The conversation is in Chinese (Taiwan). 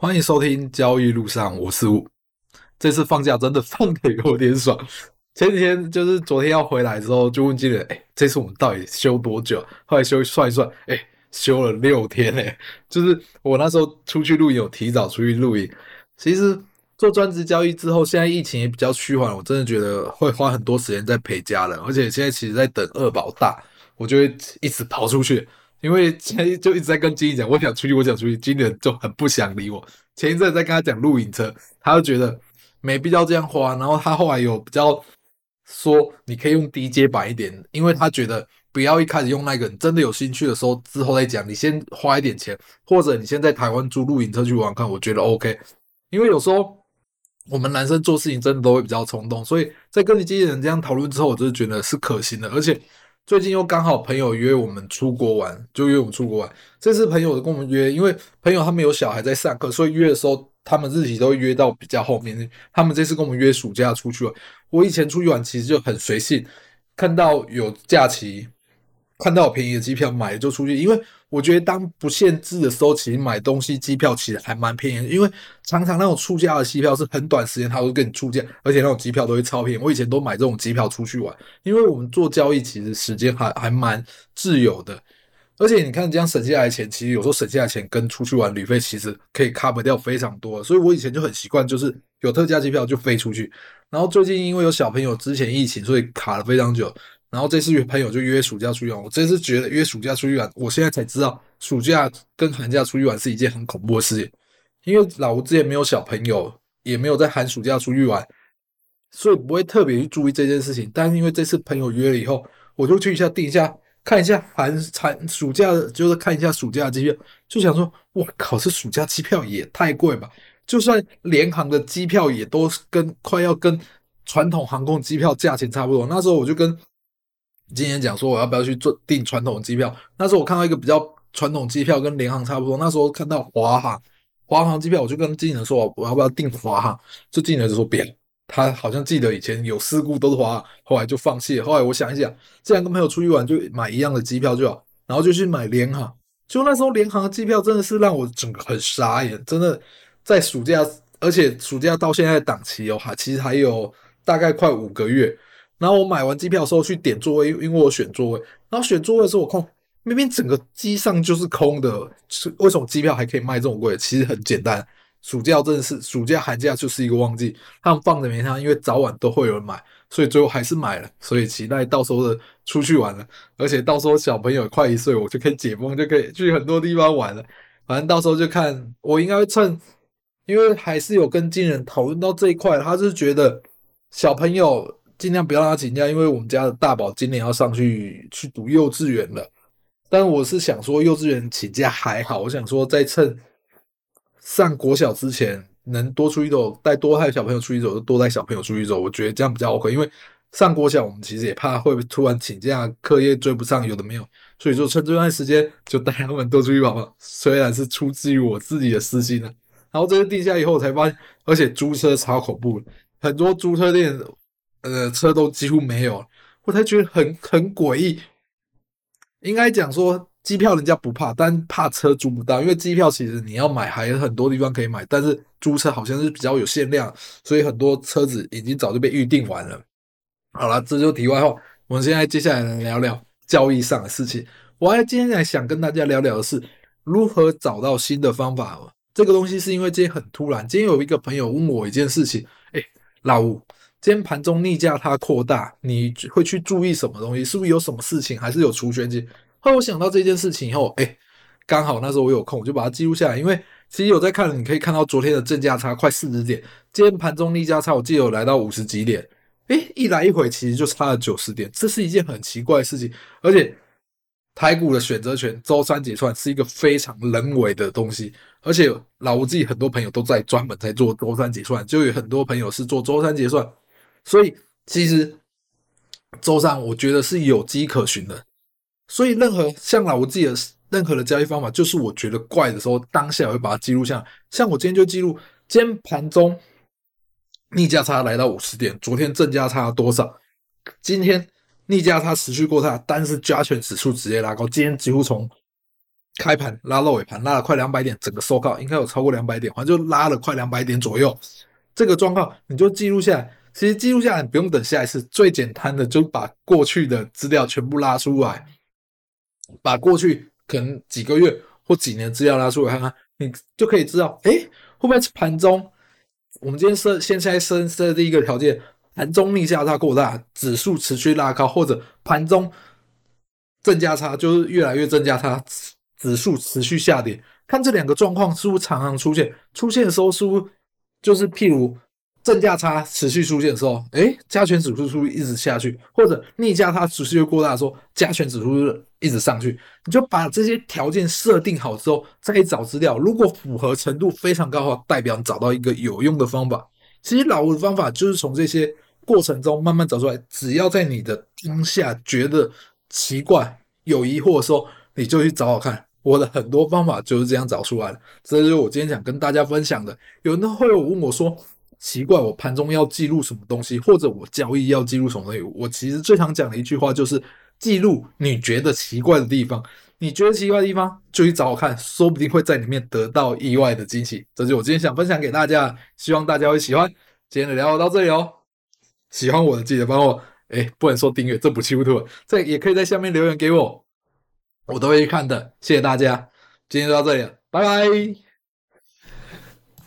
歡迎收聽交易路上，我是吳。這次放假真的放得有點爽。前幾天就是昨天要回來之後，就問經理：“哎、欸，這次我們到底休多久？”後來休算一算，哎、欸，休了六天哎、欸。就是我那時候出去露營，我提早出去露營。其實做專職交易之後，現在疫情也比較趨緩，我真的覺得會花很多時間在陪家人，而且現在其實在等二寶大，我就會一直跑出去。因為前一就一直在跟經紀講，我想出去，我想出去。經紀就很不想理我。前一陣在跟他講露營車，他就覺得沒必要這樣花。然後他後來有比較說，你可以用低階版一點，因為他覺得不要一開始用那個。你真的有興趣的時候，之後再講。你先花一點錢，或者你先在台灣租露營車去玩看。我覺得 OK，因為有時候我們男生做事情真的都會比較衝動，所以在跟你經紀人這樣討論之後，我就是覺得是可行的，而且。最近又剛好朋友約我們出國玩，就約我們出國玩。這次朋友就跟我們約，因為朋友他們有小孩在上課，所以約的時候他們日期都會約到比較後面。他們這次跟我們約暑假出去了。我以前出去玩其實就很隨性，看到有假期，看到有便宜的機票買就出去，因為。我覺得當不限制的時候，其實買東西、機票其實還蠻便宜的，因為常常那種出價的機票是很短時間，他會跟你出價，而且那種機票都會超便宜。我以前都買這種機票出去玩，因為我們做交易其實時間還還蠻自由的，而且你看這樣省下來錢，其實有時候省下來錢跟出去玩旅費其實可以 cover 掉非常多，所以我以前就很習慣，就是有特價機票就飛出去。然後最近因為有小朋友之前疫情，所以卡了非常久。然後這次約朋友就約暑假出去玩。我這次覺得約暑假出去玩，我現在才知道暑假跟寒假出去玩是一件很恐怖的事情。因為老吳之前沒有小朋友，也沒有在寒暑假出去玩，所以不會特別去注意這件事情。但是因為這次朋友約了以後，我就去一下訂，一下，看一下寒產暑假，就是看一下暑假的機票，就想說：哇靠，這暑假機票也太貴吧！就算廉航的機票也都跟快要跟傳統航空機票價錢差不多。那時候我就跟今年講說我要不要去做訂傳統的機票。那時候我看到一個比較傳統機票跟聯航差不多，那時候看到華航，華航機票我就跟經紀人說我要不要訂華航，這經紀人就說別，他好像記得以前有事故都是華航，後來就放棄了。後來我想一想，既然跟朋友出去玩就買一樣的機票就好，然後就去買聯航。就那時候聯航的機票真的是讓我整個很傻眼，真的在暑假，而且暑假到現在的檔期哦哈，其實還有大概快五個月。然後我買完機票的時候去點座位，因為我選座位。然後選座位的時候我，我看明明整個機上就是空的。為什麼機票還可以賣這麼貴？其實很簡單，暑假真的是暑假，寒假就是一個旺季，他們放着沒票，因為早晚都會有人買，所以最後還是買了。所以期待到時候的出去玩了，而且到時候小朋友快一歲，我就可以解封，就可以去很多地方玩了。反正到時候就看我應該會趁，因為還是有跟經紀人討論到這一塊，他是覺得小朋友。儘量不要讓他請假，因為我們家的大寶今年要上去去讀幼稚園了。但我是想說，幼稚園請假還好，我想說在趁上國小之前，能多出一走帶多帶小朋友出去走，多帶小朋友出去走，我覺得這樣比較 OK。因為上國小我們其實也怕會突然請假，課業追不上，有的沒有。所以說趁這段時間就帶他們多出去跑跑。雖然是出自於我自己的私心啊，然後這個定下以後，我才發現，而且租車超恐怖，很多租車店。呃，車都幾乎沒有，我才覺得很很詭異。應該講說，機票人家不怕，但怕車租不到，因為機票其實你要買還有很多地方可以買，但是租車好像是比較有限量，所以很多車子已經早就被預定完了。好了，這就題外話。我們現在接下來聊聊交易上的事情。我還今天來想跟大家聊聊的是如何找到新的方法。這個東西是因為今天很突然，今天有一個朋友問我一件事情，哎，欸，老吳。今天盤中逆價它擴大，你會去注意什麼東西？是不是有什麼事情，還是有除權機？後來我想到這件事情以後，哎，剛好那時候我有空，我就把它記錄下來。因為其實我在看，你可以看到昨天的正價差快四十點，今天盤中逆價差我記得有來到五十幾點，哎，一來一回其實就差了九十點，這是一件很奇怪的事情。而且台股的選擇權周三結算是一個非常人為的東西，而且老吳自己很多朋友都在專門在做周三結算，就有很多朋友是做周三結算。所以其實週三我覺得是有跡可循的，所以任何像老我自己的任何的交易方法，就是我覺得怪的時候，當下我會把它記錄下來。像我今天就記錄，今天盤中逆價差來到五十點，昨天正價差多少？今天逆價差持續過大，但是加權指數直接拉高，今天幾乎從開盤拉到尾盤，拉了快兩百點，整個收高應該有超過兩百點，反正就拉了快兩百點左右。這個狀況你就記錄下來。其實記錄下來不用等下一次，最簡單的就把過去的資料全部拉出來，把過去可能幾個月或幾年資料拉出來看看，你就可以知道，哎，會不會是盤中？我們今天設現在設設第一個條件，盤中逆價差過大，指數持續拉高，或者盤中正價差就是越來越正價差，指數持續下跌，看這兩個狀況是不是常常出現，出現的時候是不是就是譬如。正價差持續出現的時候，哎，加權指數數一直下去，或者逆價差持續擴大的時候，加權指數，數一直上去，你就把這些條件設定好之後再找資料，如果符合程度非常高的話，代表你找到一個有用的方法。其實老吳的方法就是從這些過程中慢慢找出來，只要在你的當下覺得奇怪、有疑惑的時候，你就去找找看。我的很多方法就是這樣找出來的，這就是我今天想跟大家分享的。有人會問我說，奇怪，我盤中要記錄什麼東西，或者我交易要記錄什麼內容？我其實最常講的一句話就是記錄你覺得奇怪的地方，你覺得奇怪的地方就去找我看，說不定會在裡面得到意外的驚喜。這就是我今天想分享給大家，希望大家會喜歡。今天的聊到，到這裡哦，喜歡我的記得幫我，哎、欸，不能說訂閱，這不是 YouTube。這也可以在下面留言給我，我都會看的。謝謝大家，今天就到這裡了，拜拜。